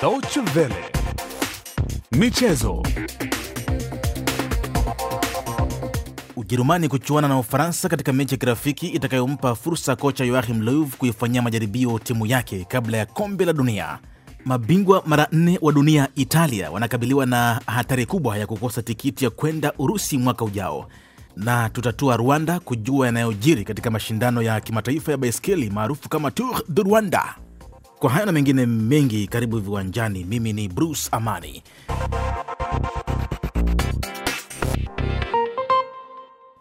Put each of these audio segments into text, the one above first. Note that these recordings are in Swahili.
Deutsche Welle. Michezo. Ujerumani kuchuana na Ufaransa katika mechi ya kirafiki itakayompa fursa kocha Joachim Löw kuifanyia majaribio timu yake kabla ya kombe la dunia. Mabingwa mara nne wa dunia Italia wanakabiliwa na hatari kubwa ya kukosa tikiti ya kwenda Urusi mwaka ujao, na tutatua Rwanda kujua yanayojiri katika mashindano ya kimataifa ya baiskeli maarufu kama Tour du Rwanda. Kwa hayo na mengine mengi, karibu viwanjani. Mimi ni Bruce Amani.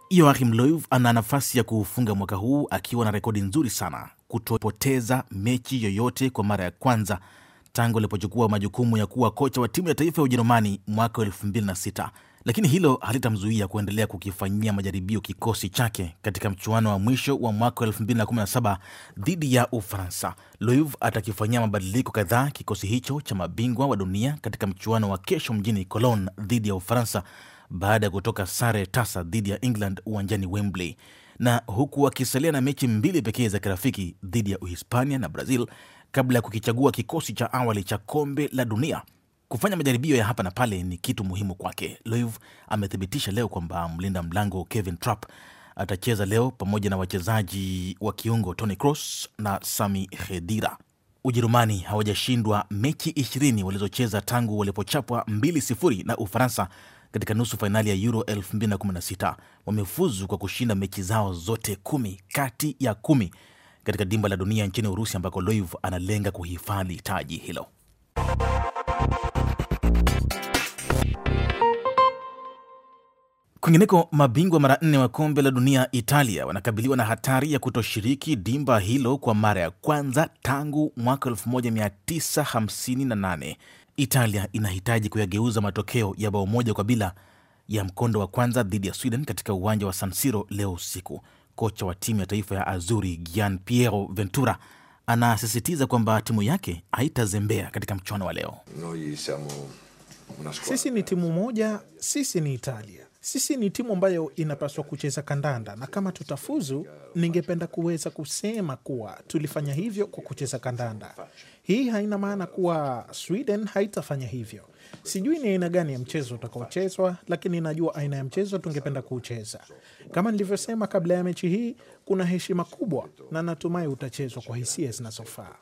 yoachim loiv ana nafasi ya kuufunga mwaka huu akiwa na rekodi nzuri sana, kutopoteza mechi yoyote kwa mara ya kwanza tangu alipochukua majukumu ya kuwa kocha wa timu ya taifa ya Ujerumani mwaka 26 lakini hilo halitamzuia kuendelea kukifanyia majaribio kikosi chake katika mchuano wa mwisho wa mwaka 217 dhidi ya Ufaransa. louv atakifanyia mabadiliko kadhaa kikosi hicho cha mabingwa wa dunia katika mchuano wa kesho mjini colon dhidi ya Ufaransa baada ya kutoka sare tasa dhidi ya England uwanjani Wembley, na huku akisalia na mechi mbili pekee za kirafiki dhidi ya Uhispania na Brazil kabla ya kukichagua kikosi cha awali cha kombe la dunia Kufanya majaribio ya hapa na pale ni kitu muhimu kwake. Loiv amethibitisha leo kwamba mlinda mlango Kevin Trapp atacheza leo pamoja na wachezaji wa kiungo Tony cross na Sami hedira Ujerumani hawajashindwa mechi 20 walizocheza tangu walipochapwa 2 na Ufaransa katika nusu fainali ya Euro 216 Wamefuzu kwa kushinda mechi zao zote kumi kati ya kumi katika dimba la dunia nchini Urusi ambako Loiv analenga kuhifadhi taji hilo. Kwingineko, mabingwa mara nne wa kombe la dunia Italia wanakabiliwa na hatari ya kutoshiriki dimba hilo kwa mara ya kwanza tangu mwaka 1958. Italia inahitaji kuyageuza matokeo ya bao moja kwa bila ya mkondo wa kwanza dhidi ya Sweden katika uwanja wa San Siro leo usiku. Kocha wa timu ya taifa ya Azuri Gian Piero Ventura anasisitiza kwamba timu yake haitazembea katika mchuano wa leo. Sisi ni timu moja, sisi ni Italia sisi ni timu ambayo inapaswa kucheza kandanda, na kama tutafuzu, ningependa kuweza kusema kuwa tulifanya hivyo kwa kucheza kandanda. Hii haina maana kuwa Sweden haitafanya hivyo. Sijui ni aina gani ya mchezo utakaochezwa, lakini najua aina ya mchezo tungependa kuucheza. Kama nilivyosema kabla ya mechi hii, kuna heshima kubwa na natumai utachezwa kwa hisia zinazofaa.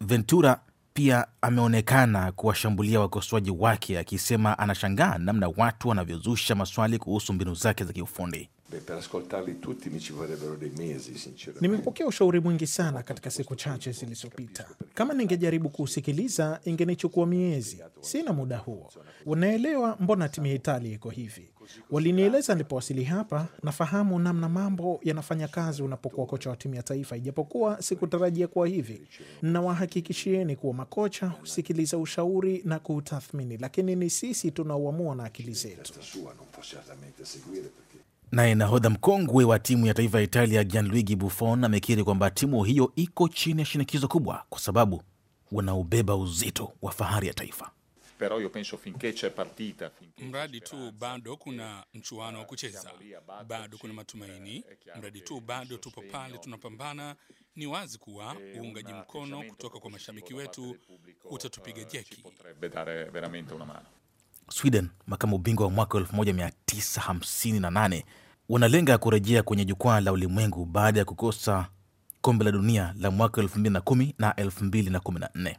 Ventura pia ameonekana kuwashambulia wakosoaji wake akisema anashangaa namna watu wanavyozusha maswali kuhusu mbinu zake za kiufundi. Beh, per ascoltarli tutti mi ci vorrebbero dei mesi, sinceramente. Nimepokea ushauri mwingi sana katika siku chache zilizopita. Kama ningejaribu kuusikiliza, ingenichukua miezi. Sina muda huo. Unaelewa mbona timu ya Italia iko hivi. Walinieleza nilipowasili hapa, nafahamu namna mambo yanafanya kazi unapokuwa kocha wa timu ya taifa, ijapokuwa sikutarajia kuwa hivi. Nawahakikishieni kuwa makocha husikiliza ushauri na kuutathmini, lakini ni sisi tunaoamua na akili zetu. Naye nahodha mkongwe wa timu ya taifa ya Italia Gianluigi Buffon amekiri kwamba timu hiyo iko chini ya shinikizo kubwa kwa sababu wanaubeba uzito wa fahari ya taifa. mradi tu bado kuna mchuano wa kucheza, bado eh, kuna matumaini, eh, mradi tu bado tupo pale tunapambana. Ni wazi kuwa e uungaji mkono kutoka kwa mashabiki wetu utatupiga eh, jeki. Sweden makamu bingwa wa mwaka 1958 wanalenga kurejea kwenye jukwaa la ulimwengu baada ya kukosa kombe la dunia la mwaka 2010 na 2014.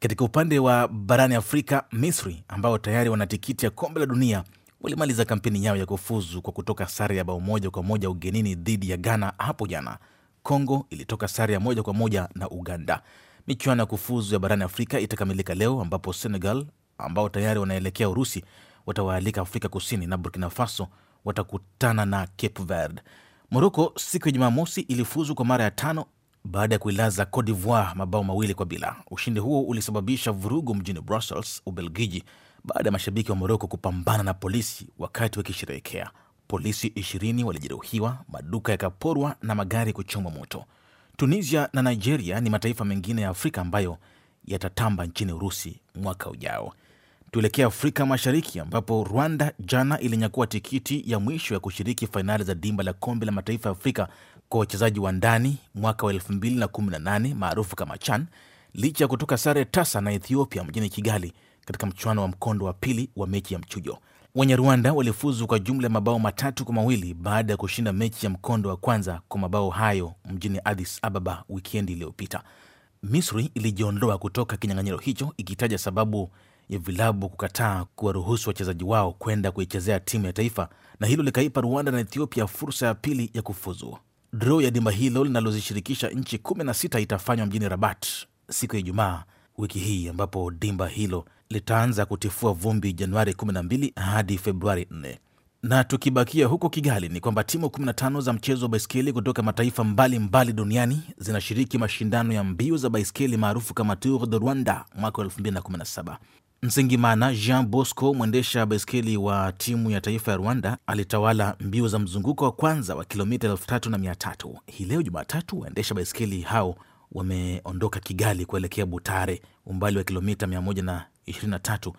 Katika upande wa barani Afrika, Misri ambao tayari wana tikiti ya kombe la dunia walimaliza kampeni yao ya kufuzu kwa kutoka sare ya bao moja kwa moja ugenini dhidi ya Ghana hapo jana. Kongo ilitoka sare ya moja kwa moja na Uganda. Michuano ya kufuzu ya barani Afrika itakamilika leo ambapo Senegal ambao tayari wanaelekea Urusi watawaalika Afrika Kusini na Burkina Faso watakutana na Cape Verde. Moroko siku ya jumaa mosi ilifuzu kwa mara ya tano baada ya kuilaza Cote d'Ivoire mabao mawili kwa bila. Ushindi huo ulisababisha vurugu mjini Brussels, Ubelgiji, baada ya mashabiki wa Moroko kupambana na polisi wakati wakisherehekea polisi 20 walijeruhiwa, maduka yakaporwa na magari kuchomwa moto. Tunisia na Nigeria ni mataifa mengine ya Afrika ambayo yatatamba nchini Urusi mwaka ujao. Tuelekea Afrika Mashariki ambapo Rwanda jana ilinyakua tikiti ya mwisho ya kushiriki fainali za dimba la kombe la mataifa ya Afrika kwa wachezaji wa ndani mwaka wa 2018 maarufu kama CHAN licha ya kutoka sare tasa na Ethiopia mjini Kigali katika mchuano wa mkondo wa pili wa mechi ya mchujo wenye rwanda walifuzu kwa jumla ya mabao matatu kwa mawili baada ya kushinda mechi ya mkondo wa kwanza kwa mabao hayo mjini adis Ababa wikendi iliyopita. Misri ilijiondoa kutoka kinyang'anyiro hicho ikitaja sababu ya vilabu kukataa kuwaruhusu wachezaji wao kwenda kuichezea timu ya taifa, na hilo likaipa Rwanda na Ethiopia fursa ya pili ya kufuzu. dro ya dimba hilo linalozishirikisha nchi 16 itafanywa mjini Rabat siku ya Ijumaa wiki hii, ambapo dimba hilo litaanza kutifua vumbi Januari 12 hadi Februari 4. Na tukibakia huko Kigali ni kwamba timu 15 za mchezo wa baiskeli kutoka mataifa mbalimbali mbali duniani zinashiriki mashindano ya mbio za baiskeli maarufu kama Tour de Rwanda mwaka 2017. Msengimana Jean Bosco, mwendesha baiskeli wa timu ya taifa ya Rwanda, alitawala mbio za mzunguko wa kwanza wa kilomita 3300. Hii leo Jumatatu, waendesha baiskeli hao wameondoka Kigali kuelekea Butare, umbali wa kilomita 23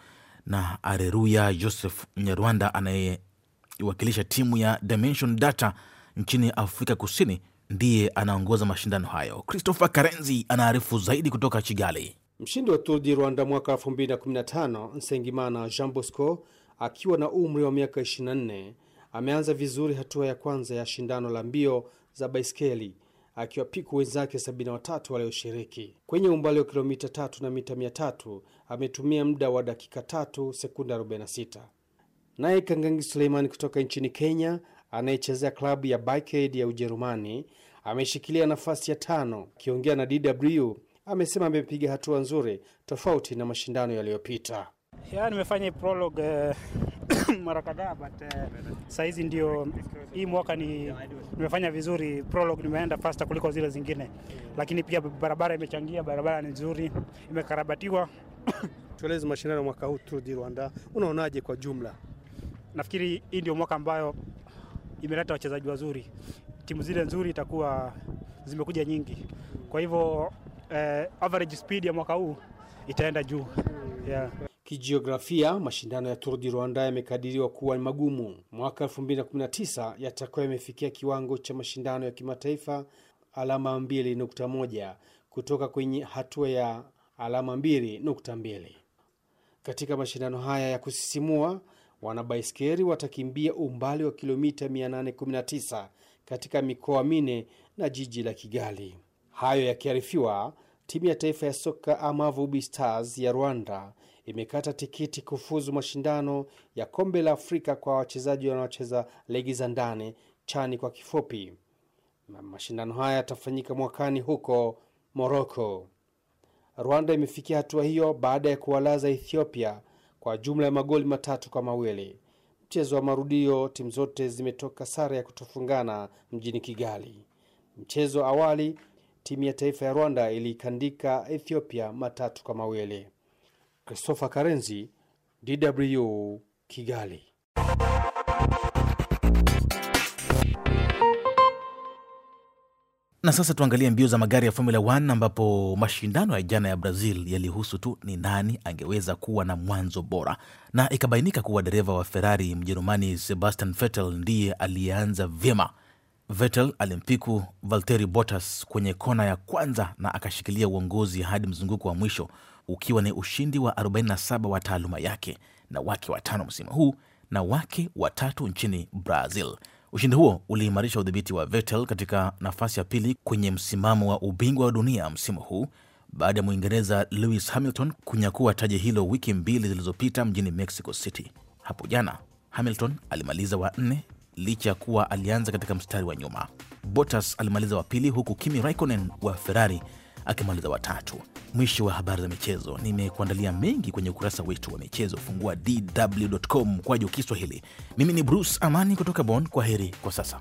na Areruya Joseph nyarwanda anayewakilisha timu ya Dimension Data nchini Afrika Kusini ndiye anaongoza mashindano hayo. Christopher Karenzi anaarifu zaidi kutoka Kigali. Mshindi wa Tour du Rwanda mwaka 215 Nsengimana Jean Bosco akiwa na umri wa miaka 24 ameanza vizuri hatua ya kwanza ya shindano la mbio za baiskeli akiwapiku wenzake 73 walioshiriki kwenye umbali wa kilomita tatu na mita mia tatu. Ametumia muda wa dakika tatu sekunda 46. Naye Kangangi Suleiman kutoka nchini Kenya anayechezea klabu ya Bikehead ya Ujerumani ameshikilia nafasi ya tano. Akiongea na DW amesema amepiga hatua nzuri tofauti na mashindano yaliyopita. Ya, yaani, nimefanya prologue eh, mara kadhaa but uh, eh, sahizi ndio hii mwaka ni nimefanya vizuri prologue, nimeenda faster kuliko zile zingine, lakini pia barabara imechangia, barabara ni nzuri, imekarabatiwa. Tueleze mashindano mwaka huu Tour di Rwanda, unaonaje kwa jumla? Nafikiri hii ndio mwaka ambayo imeleta wachezaji wazuri, timu zile nzuri itakuwa zimekuja nyingi, kwa hivyo eh, average speed ya mwaka huu itaenda juu yeah. Kijiografia, mashindano ya Tour du Rwanda yamekadiriwa kuwa magumu. Mwaka 2019 yatakuwa yamefikia kiwango cha mashindano ya kimataifa alama 2.1 kutoka kwenye hatua ya alama 2.2. Katika mashindano haya ya kusisimua, wanabaiskeri watakimbia umbali wa kilomita 819 katika mikoa mine na jiji la Kigali. Hayo yakiarifiwa, timu ya taifa ya soka Amavubi Stars ya Rwanda imekata tikiti kufuzu mashindano ya kombe la Afrika kwa wachezaji wanaocheza ligi za ndani, chani kwa kifupi. Mashindano haya yatafanyika mwakani huko Moroko. Rwanda imefikia hatua hiyo baada ya kuwalaza Ethiopia kwa jumla ya magoli matatu kwa mawili. Mchezo wa marudio, timu zote zimetoka sare ya kutofungana mjini Kigali. Mchezo awali timu ya taifa ya Rwanda ilikandika Ethiopia matatu kwa mawili. Christopher Karenzi, DW Kigali. Na sasa tuangalie mbio za magari ya Formula 1 ambapo mashindano ya jana ya Brazil yalihusu tu ni nani angeweza kuwa na mwanzo bora, na ikabainika kuwa dereva wa Ferrari Mjerumani Sebastian Vettel ndiye aliyeanza vyema. Vettel alimpiku Valtteri Bottas kwenye kona ya kwanza na akashikilia uongozi hadi mzunguko wa mwisho ukiwa ni ushindi wa 47 wa taaluma yake na wake watano msimu huu na wake watatu nchini Brazil. Ushindi huo uliimarisha udhibiti wa Vettel katika nafasi ya pili kwenye msimamo wa ubingwa wa dunia msimu huu baada ya Mwingereza Lewis Hamilton kunyakua taji hilo wiki mbili zilizopita mjini Mexico City. Hapo jana Hamilton alimaliza wa nne licha ya kuwa alianza katika mstari wa nyuma. botas alimaliza wa pili huku Kimi Raikkonen wa Ferrari akimaliza watatu. Mwisho wa habari za michezo. Nimekuandalia mengi kwenye ukurasa wetu wa michezo, fungua dw.com kwa Kiswahili. Mimi ni Bruce Amani kutoka Bonn. Kwa heri kwa sasa.